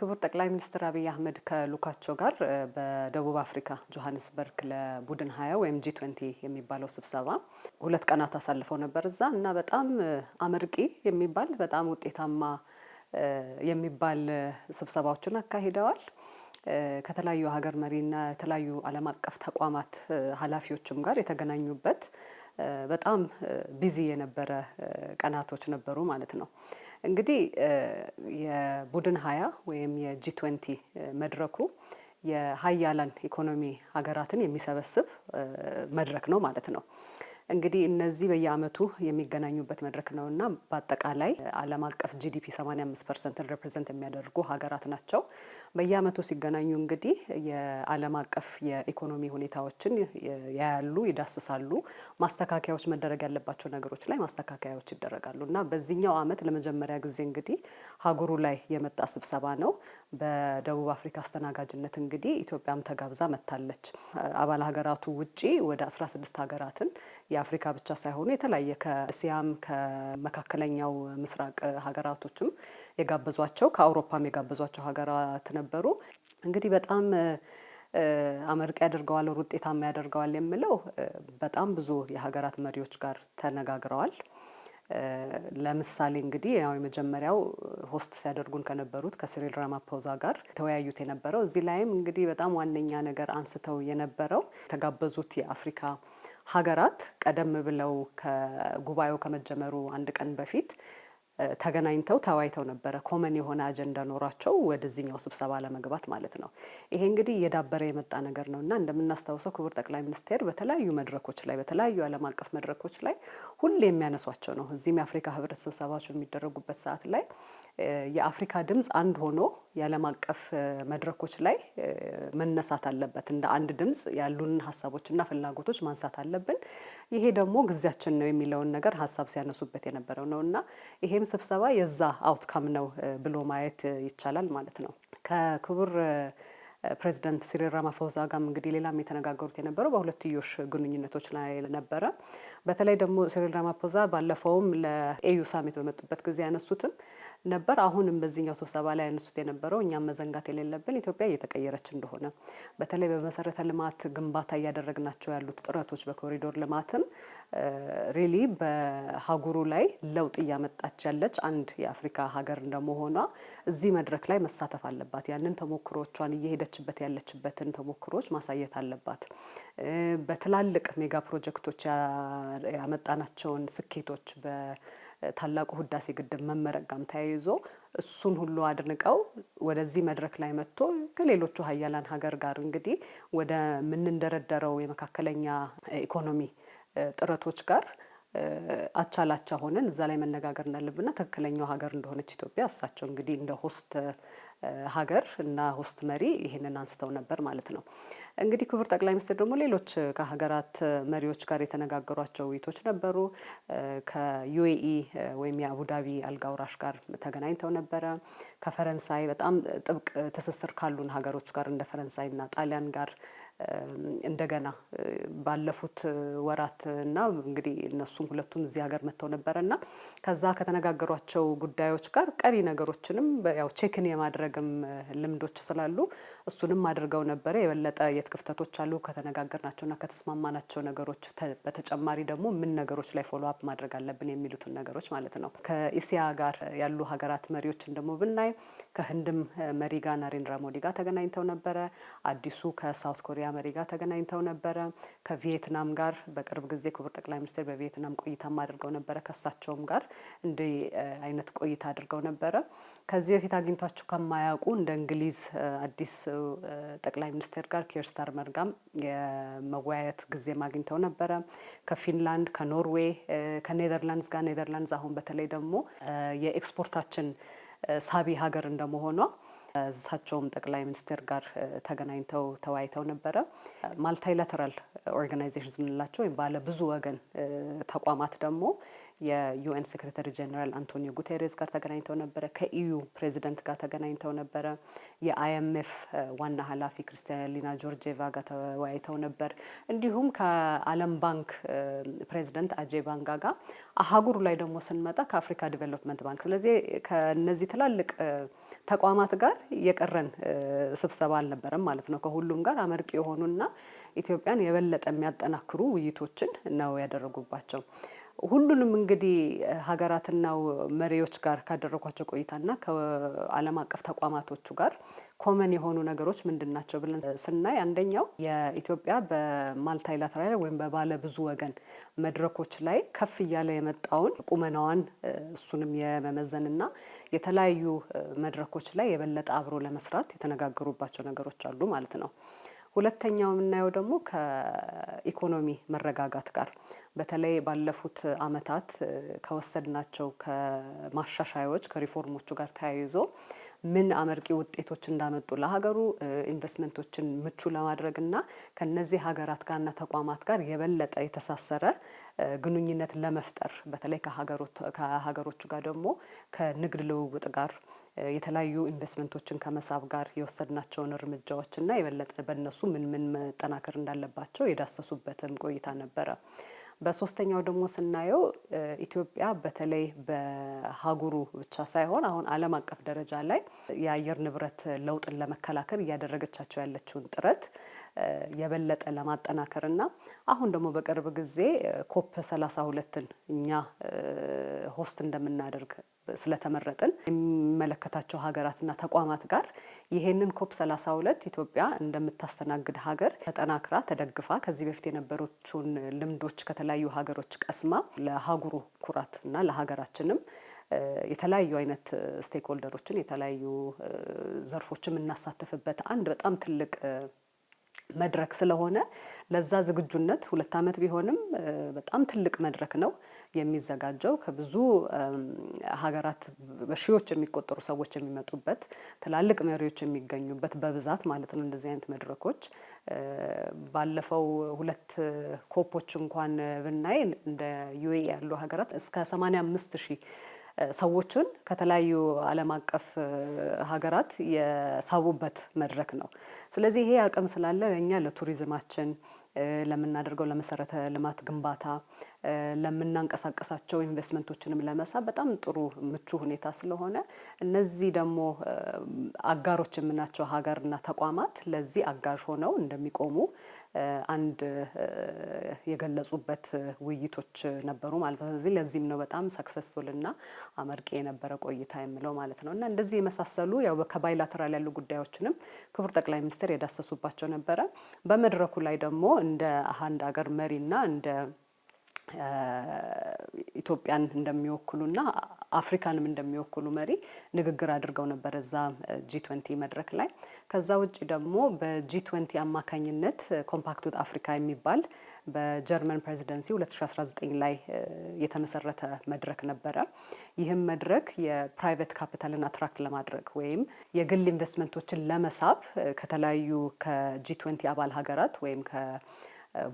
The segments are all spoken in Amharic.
ክቡር ጠቅላይ ሚኒስትር አብይ አህመድ ከሉካቸው ጋር በደቡብ አፍሪካ ጆሀንስበርግ ለቡድን ሀያ ወይም ጂ ትዌንቲ የሚባለው ስብሰባ ሁለት ቀናት አሳልፈው ነበር እዛ እና በጣም አመርቂ የሚባል በጣም ውጤታማ የሚባል ስብሰባዎችን አካሂደዋል። ከተለያዩ ሀገር መሪና የተለያዩ ዓለም አቀፍ ተቋማት ኃላፊዎችም ጋር የተገናኙበት በጣም ቢዚ የነበረ ቀናቶች ነበሩ ማለት ነው። እንግዲህ የቡድን ሀያ ወይም የጂ ትዌንቲ መድረኩ የሀያላን ኢኮኖሚ ሀገራትን የሚሰበስብ መድረክ ነው ማለት ነው። እንግዲህ እነዚህ በየአመቱ የሚገናኙበት መድረክ ነው እና በአጠቃላይ ዓለም አቀፍ ጂዲፒ 85 ፐርሰንትን ሪፕሬዘንት የሚያደርጉ ሀገራት ናቸው። በየአመቱ ሲገናኙ እንግዲህ የዓለም አቀፍ የኢኮኖሚ ሁኔታዎችን ያያሉ፣ ይዳስሳሉ። ማስተካከያዎች መደረግ ያለባቸው ነገሮች ላይ ማስተካከያዎች ይደረጋሉ እና በዚህኛው አመት ለመጀመሪያ ጊዜ እንግዲህ ሀገሩ ላይ የመጣ ስብሰባ ነው። በደቡብ አፍሪካ አስተናጋጅነት እንግዲህ ኢትዮጵያም ተጋብዛ መጥታለች። አባል ሀገራቱ ውጪ ወደ 16 ሀገራትን የአፍሪካ ብቻ ሳይሆኑ የተለያየ ከእስያም ከመካከለኛው ምስራቅ ሀገራቶችም የጋበዟቸው ከአውሮፓም የጋበዟቸው ሀገራት ነበሩ። እንግዲህ በጣም አመርቂ ያደርገዋል፣ ውጤታማ ያደርገዋል የምለው በጣም ብዙ የሀገራት መሪዎች ጋር ተነጋግረዋል። ለምሳሌ እንግዲህ ያው የመጀመሪያው ሆስት ሲያደርጉን ከነበሩት ከሲሪል ራማፖዛ ጋር ተወያዩት የነበረው እዚህ ላይም እንግዲህ በጣም ዋነኛ ነገር አንስተው የነበረው የተጋበዙት የአፍሪካ ሀገራት ቀደም ብለው ከጉባኤው ከመጀመሩ አንድ ቀን በፊት ተገናኝተው ተወያይተው ነበረ። ኮመን የሆነ አጀንዳ ኖሯቸው ወደዚህኛው ስብሰባ ለመግባት ማለት ነው። ይሄ እንግዲህ እየዳበረ የመጣ ነገር ነው እና እንደምናስታውሰው ክቡር ጠቅላይ ሚኒስትር በተለያዩ መድረኮች ላይ በተለያዩ ዓለም አቀፍ መድረኮች ላይ ሁሌ የሚያነሷቸው ነው። እዚህም የአፍሪካ ህብረት ስብሰባዎች በሚደረጉበት ሰዓት ላይ የአፍሪካ ድምፅ አንድ ሆኖ የዓለም አቀፍ መድረኮች ላይ መነሳት አለበት። እንደ አንድ ድምፅ ያሉን ሀሳቦችና ፍላጎቶች ማንሳት አለብን። ይሄ ደግሞ ጊዜያችን ነው የሚለውን ነገር ሀሳብ ሲያነሱበት የነበረው ነው እና ይሄም ስብሰባ የዛ አውትካም ነው ብሎ ማየት ይቻላል ማለት ነው ከክቡር ፕሬዚደንት ሲሪል ራማፎዛ ጋም እንግዲህ ሌላም የተነጋገሩት የነበረው በሁለትዮሽ ግንኙነቶች ላይ ነበረ። በተለይ ደግሞ ሲሪል ራማፎዛ ባለፈውም ለኤዩ ሳሚት በመጡበት ጊዜ ያነሱትም ነበር። አሁንም በዚህኛው ስብሰባ ላይ ያነሱት የነበረው እኛም መዘንጋት የሌለብን ኢትዮጵያ እየተቀየረች እንደሆነ በተለይ በመሰረተ ልማት ግንባታ እያደረግናቸው ያሉት ጥረቶች በኮሪዶር ልማትም ሪሊ በሀጉሩ ላይ ለውጥ እያመጣች ያለች አንድ የአፍሪካ ሀገር እንደመሆኗ እዚህ መድረክ ላይ መሳተፍ አለባት። ያንን ተሞክሮቿን እየሄደችበት ያለችበትን ተሞክሮች ማሳየት አለባት። በትላልቅ ሜጋ ፕሮጀክቶች ያመጣናቸውን ስኬቶች ታላቁ ህዳሴ ግድብ መመረቅ ጋም ተያይዞ እሱን ሁሉ አድንቀው ወደዚህ መድረክ ላይ መጥቶ ከሌሎቹ ሀያላን ሀገር ጋር እንግዲህ ወደ ምንንደረደረው የመካከለኛ ኢኮኖሚ ጥረቶች ጋር አቻላቻ ሆነን እዛ ላይ መነጋገር እንዳለብና ትክክለኛው ሀገር እንደሆነች ኢትዮጵያ እሳቸው እንግዲህ እንደ ሆስት ሀገር እና ሆስት መሪ ይህንን አንስተው ነበር ማለት ነው። እንግዲህ ክቡር ጠቅላይ ሚኒስትር ደግሞ ሌሎች ከሀገራት መሪዎች ጋር የተነጋገሯቸው ውይይቶች ነበሩ። ከዩኤኢ ወይም የአቡዳቢ አልጋውራሽ ጋር ተገናኝተው ነበረ። ከፈረንሳይ በጣም ጥብቅ ትስስር ካሉን ሀገሮች ጋር እንደ ፈረንሳይና ጣሊያን ጋር እንደገና ባለፉት ወራት እና እንግዲህ እነሱም ሁለቱም እዚህ ሀገር መጥተው ነበረ እና ከዛ ከተነጋገሯቸው ጉዳዮች ጋር ቀሪ ነገሮችንም ያው ቼክን የማድረግም ልምዶች ስላሉ እሱንም አድርገው ነበረ። የበለጠ የት ክፍተቶች አሉ ከተነጋገርናቸውና ከተስማማናቸው ነገሮች በተጨማሪ ደግሞ ምን ነገሮች ላይ ፎሎ አፕ ማድረግ አለብን የሚሉትን ነገሮች ማለት ነው። ከኢሲያ ጋር ያሉ ሀገራት መሪዎችን ደግሞ ብናይ ከህንድም መሪ ጋር ናሬንድራ ሞዲ ጋር ተገናኝተው ነበረ። አዲሱ ከሳውት ኮሪያ ቪክቶሪያ መሪ ጋር ተገናኝተው ነበረ። ከቪየትናም ጋር በቅርብ ጊዜ ክቡር ጠቅላይ ሚኒስትር በቪየትናም ቆይታም አድርገው ነበረ። ከሳቸውም ጋር እንዲህ አይነት ቆይታ አድርገው ነበረ። ከዚህ በፊት አግኝቷቸው ከማያውቁ እንደ እንግሊዝ አዲስ ጠቅላይ ሚኒስትር ጋር ኬር ስታርመር ጋር የመወያየት ጊዜ አግኝተው ነበረ። ከፊንላንድ፣ ከኖርዌይ፣ ከኔዘርላንድስ ጋር ኔዘርላንድስ አሁን በተለይ ደግሞ የኤክስፖርታችን ሳቢ ሀገር እንደመሆኗ እሳቸውም ጠቅላይ ሚኒስቴር ጋር ተገናኝተው ተወያይተው ነበረ። ማልታይላተራል ኦርጋናይዜሽን ስንላቸው ወይም ባለ ብዙ ወገን ተቋማት ደግሞ የዩኤን ሴክሬታሪ ጀኔራል አንቶኒዮ ጉቴሬስ ጋር ተገናኝተው ነበረ። ከኢዩ ፕሬዚደንት ጋር ተገናኝተው ነበረ። የአይኤምኤፍ ዋና ኃላፊ ክርስቲያሊና ጆርጄቫ ጋር ተወያይተው ነበር። እንዲሁም ከዓለም ባንክ ፕሬዚደንት አጄ ባንጋ ጋር አህጉሩ ላይ ደግሞ ስንመጣ ከአፍሪካ ዲቨሎፕመንት ባንክ ስለዚህ ከነዚህ ትላልቅ ተቋማት ጋር የቀረን ስብሰባ አልነበረም ማለት ነው። ከሁሉም ጋር አመርቂ የሆኑና ኢትዮጵያን የበለጠ የሚያጠናክሩ ውይይቶችን ነው ያደረጉባቸው። ሁሉንም እንግዲህ ሀገራትና መሪዎች ጋር ካደረኳቸው ቆይታና ከዓለም አቀፍ ተቋማቶቹ ጋር ኮመን የሆኑ ነገሮች ምንድን ናቸው ብለን ስናይ አንደኛው የኢትዮጵያ በማልታይላተራል ወይም በባለ ብዙ ወገን መድረኮች ላይ ከፍ እያለ የመጣውን ቁመናዋን እሱንም የመመዘንና የተለያዩ መድረኮች ላይ የበለጠ አብሮ ለመስራት የተነጋገሩባቸው ነገሮች አሉ ማለት ነው። ሁለተኛው የምናየው ደግሞ ከኢኮኖሚ መረጋጋት ጋር በተለይ ባለፉት አመታት ከወሰድናቸው ከማሻሻያዎች ከሪፎርሞቹ ጋር ተያይዞ ምን አመርቂ ውጤቶች እንዳመጡ ለሀገሩ ኢንቨስትመንቶችን ምቹ ለማድረግ እና ከነዚህ ሀገራት ጋርና ተቋማት ጋር የበለጠ የተሳሰረ ግንኙነት ለመፍጠር በተለይ ከሀገሮቹ ጋር ደግሞ ከንግድ ልውውጥ ጋር የተለያዩ ኢንቨስትመንቶችን ከመሳብ ጋር የወሰድናቸውን እርምጃዎች እና የበለጠ በእነሱ ምን ምን መጠናከር እንዳለባቸው የዳሰሱበትም ቆይታ ነበረ። በሶስተኛው ደግሞ ስናየው ኢትዮጵያ በተለይ በሀጉሩ ብቻ ሳይሆን አሁን ዓለም አቀፍ ደረጃ ላይ የአየር ንብረት ለውጥን ለመከላከል እያደረገቻቸው ያለችውን ጥረት የበለጠ ለማጠናከር እና አሁን ደግሞ በቅርብ ጊዜ ኮፕ ሰላሳ ሁለትን እኛ ሆስት እንደምናደርግ ስለተመረጥን የሚመለከታቸው ሀገራትና ተቋማት ጋር ይሄንን ኮፕ 32 ኢትዮጵያ እንደምታስተናግድ ሀገር ተጠናክራ ተደግፋ ከዚህ በፊት የነበሮቹን ልምዶች ከተለያዩ ሀገሮች ቀስማ ለሀጉሩ ኩራት እና ለሀገራችንም የተለያዩ አይነት ስቴክሆልደሮችን የተለያዩ ዘርፎችን የምናሳተፍበት አንድ በጣም ትልቅ መድረክ ስለሆነ ለዛ ዝግጁነት ሁለት ዓመት ቢሆንም በጣም ትልቅ መድረክ ነው። የሚዘጋጀው ከብዙ ሀገራት በሺዎች የሚቆጠሩ ሰዎች የሚመጡበት ትላልቅ መሪዎች የሚገኙበት በብዛት ማለት ነው። እንደዚህ አይነት መድረኮች ባለፈው ሁለት ኮፖች እንኳን ብናይ እንደ ዩኤ ያሉ ሀገራት እስከ 85 ሺህ ሰዎችን ከተለያዩ ዓለም አቀፍ ሀገራት የሳቡበት መድረክ ነው። ስለዚህ ይሄ አቅም ስላለ እኛ ለቱሪዝማችን ለምናደርገው ለመሰረተ ልማት ግንባታ ለምናንቀሳቀሳቸው ኢንቨስትመንቶችንም ለመሳብ በጣም ጥሩ ምቹ ሁኔታ ስለሆነ እነዚህ ደግሞ አጋሮች የምናቸው ሀገርና ተቋማት ለዚህ አጋዥ ሆነው እንደሚቆሙ አንድ የገለጹበት ውይይቶች ነበሩ ማለት ነው። ስለዚህ ለዚህም ነው በጣም ሰክሰስፉል እና አመርቂ የነበረ ቆይታ የምለው ማለት ነው። እና እንደዚህ የመሳሰሉ ያው ከባይላተራል ያሉ ጉዳዮችንም ክቡር ጠቅላይ ሚኒስትር የዳሰሱባቸው ነበረ። በመድረኩ ላይ ደግሞ እንደ አንድ ሀገር መሪና እንደ ኢትዮጵያን እንደሚወክሉና አፍሪካንም እንደሚወክሉ መሪ ንግግር አድርገው ነበር እዛ ጂ ትወንቲ መድረክ ላይ። ከዛ ውጭ ደግሞ በጂ ትወንቲ አማካኝነት ኮምፓክት ዊዝ አፍሪካ የሚባል በጀርመን ፕሬዚደንሲ 2019 ላይ የተመሰረተ መድረክ ነበረ። ይህም መድረክ የፕራይቬት ካፒታልን አትራክት ለማድረግ ወይም የግል ኢንቨስትመንቶችን ለመሳብ ከተለያዩ ከጂ ትወንቲ አባል ሀገራት ወይም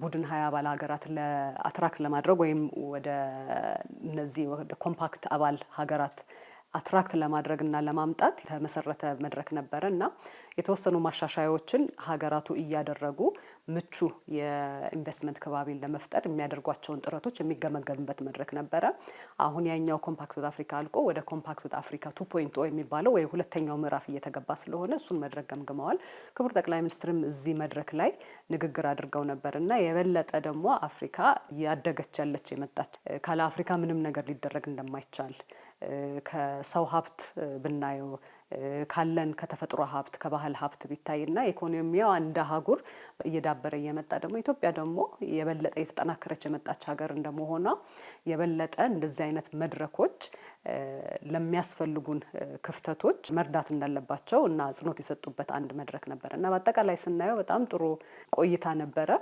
ቡድን ሀያ አባል ሀገራት ለአትራክት ለማድረግ ወይም ወደ እነዚህ ወደ ኮምፓክት አባል ሀገራት አትራክት ለማድረግና ለማምጣት የተመሰረተ መድረክ ነበረ እና የተወሰኑ ማሻሻያዎችን ሀገራቱ እያደረጉ ምቹ የኢንቨስትመንት ከባቢን ለመፍጠር የሚያደርጓቸውን ጥረቶች የሚገመገምበት መድረክ ነበረ። አሁን ያኛው ኮምፓክት ወደ አፍሪካ አልቆ ወደ ኮምፓክት አፍሪካ ቱ ፖይንት ኦ የሚባለው ወይ ሁለተኛው ምዕራፍ እየተገባ ስለሆነ እሱን መድረክ ገምግመዋል። ክቡር ጠቅላይ ሚኒስትርም እዚህ መድረክ ላይ ንግግር አድርገው ነበር እና የበለጠ ደግሞ አፍሪካ እያደገች ያለች የመጣች ካለ አፍሪካ ምንም ነገር ሊደረግ እንደማይቻል ከሰው ሀብት ብናየው ካለን ከተፈጥሮ ሀብት ከባህል ሀብት ቢታይና ኢኮኖሚዋ እንደ ሀጉር እየዳበረ እየመጣ ደግሞ ኢትዮጵያ ደግሞ የበለጠ የተጠናከረች የመጣች ሀገር እንደመሆኗ የበለጠ እንደዚህ አይነት መድረኮች ለሚያስፈልጉን ክፍተቶች መርዳት እንዳለባቸው እና አጽንኦት የሰጡበት አንድ መድረክ ነበር እና በአጠቃላይ ስናየው በጣም ጥሩ ቆይታ ነበረ።